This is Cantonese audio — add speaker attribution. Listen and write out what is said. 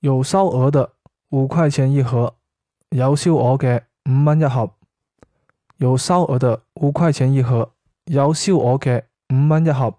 Speaker 1: 有燒鵝的，五塊錢一盒，有燒鵝嘅五蚊一盒。有燒鵝的，五塊錢一盒，有燒鵝嘅五蚊一盒。